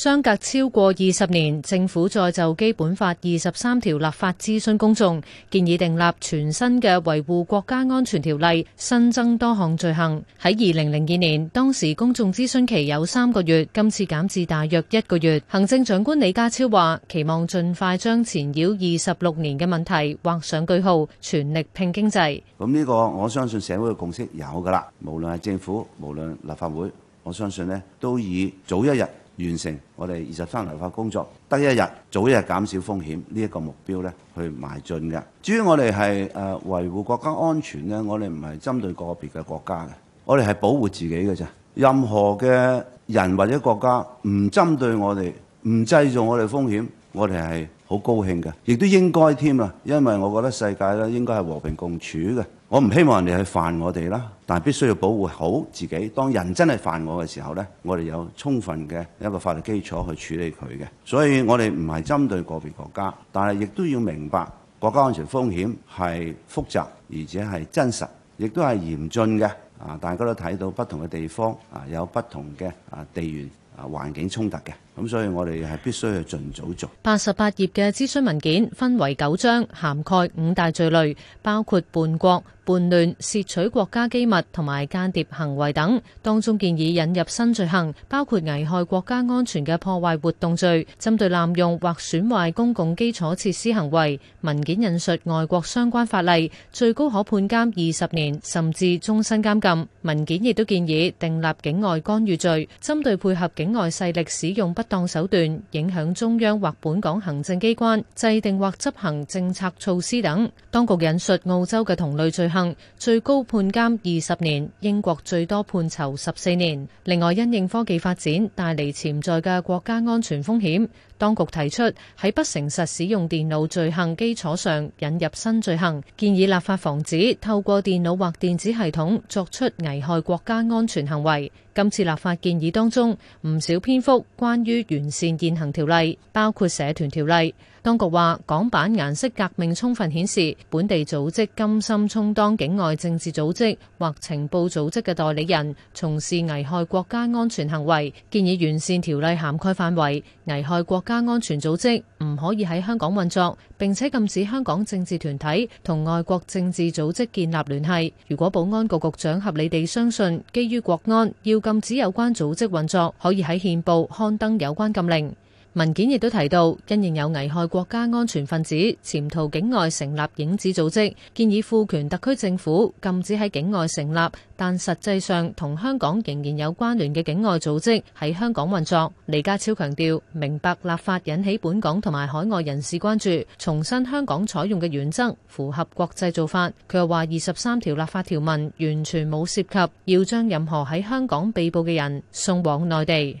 相隔超過二十年，政府再就《基本法》二十三條立法諮詢公眾，建議訂立全新嘅維護國家安全條例，新增多項罪行。喺二零零二年，當時公眾諮詢期有三個月，今次減至大約一個月。行政長官李家超話：期望盡快將纏繞二十六年嘅問題畫上句號，全力拼經濟。咁呢個我相信社會嘅共識有㗎喇，無論係政府，無論立法會，我相信呢都以早一日，完成我哋二十三立法工作，得一日，早一日減少風險，呢一個目標呢，去邁進嘅。至於我哋係誒維護國家安全呢，我哋唔係針對個別嘅國家嘅，我哋係保護自己嘅啫。任何嘅人或者國家唔針對我哋，唔製造我哋風險，我哋係好高興嘅，亦都應該添啦，因為我覺得世界咧應該係和平共處嘅。我唔希望人哋去犯我哋啦，但係必須要保護好自己。當人真係犯我嘅時候呢，我哋有充分嘅一個法律基礎去處理佢嘅。所以我哋唔係針對個別國家，但係亦都要明白國家安全風險係複雜而且係真實，亦都係嚴峻嘅。啊，大家都睇到不同嘅地方啊，有不同嘅啊地緣啊環境衝突嘅。咁所以，我哋係必須去盡早做。八十八頁嘅諮詢文件分為九章，涵蓋五大罪類，包括叛國、叛亂、竊取國家機密同埋間諜行為等。當中建議引入新罪行，包括危害國家安全嘅破壞活動罪，針對濫用或損壞公共基礎設施行為。文件引述外國相關法例，最高可判監二十年甚至終身監禁。文件亦都建議訂立境外干預罪，針對配合境外勢力使用不當手段影響中央或本港行政機關制定或執行政策措施等，當局引述澳洲嘅同類罪行，最高判監二十年；英國最多判囚十四年。另外，因應科技發展帶嚟潛在嘅國家安全風險，當局提出喺不誠實使用電腦罪行基礎上引入新罪行，建議立法防止透過電腦或電子系統作出危害國家安全行為。今次立法建議當中，唔少篇幅關於完善現行條例，包括社團條例。當局話，港版顏色革命充分顯示本地組織甘心充當境外政治組織或情報組織嘅代理人，從事危害國家安全行為，建議完善條例涵蓋範圍，危害國家安全組織。唔可以喺香港運作，並且禁止香港政治團體同外國政治組織建立聯繫。如果保安局局長合理地相信，基於國安要禁止有關組織運作，可以喺憲報刊登有關禁令。文件亦都提到，因仍有危害國家安全分子潛逃境外成立影子組織，建議賦權特區政府禁止喺境外成立，但實際上同香港仍然有關聯嘅境外組織喺香港運作。李家超強調明白立法引起本港同埋海外人士關注，重申香港採用嘅原則符合國際做法。佢又話二十三條立法條文完全冇涉及要將任何喺香港被捕嘅人送往內地。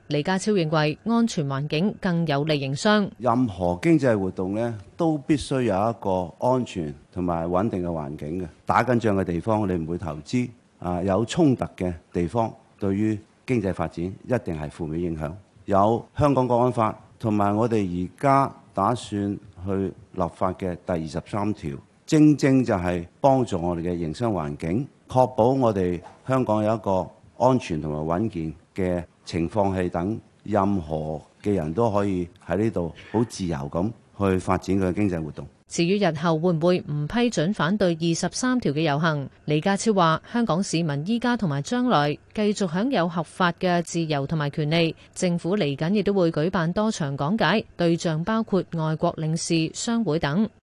李家超認為，安全環境更有利營商。任何經濟活動咧，都必須有一個安全同埋穩定嘅環境嘅打緊仗嘅地方，我哋唔會投資啊。有衝突嘅地方，對於經濟發展一定係負面影響。有香港國安法同埋我哋而家打算去立法嘅第二十三條，正正就係幫助我哋嘅營商環境，確保我哋香港有一個安全同埋穩健嘅。情況係等任何嘅人都可以喺呢度好自由咁去發展佢嘅經濟活動。至於日後會唔會唔批准反對二十三條嘅遊行，李家超話：香港市民依家同埋將來繼續享有合法嘅自由同埋權利。政府嚟緊亦都會舉辦多場講解，對象包括外國領事、商會等。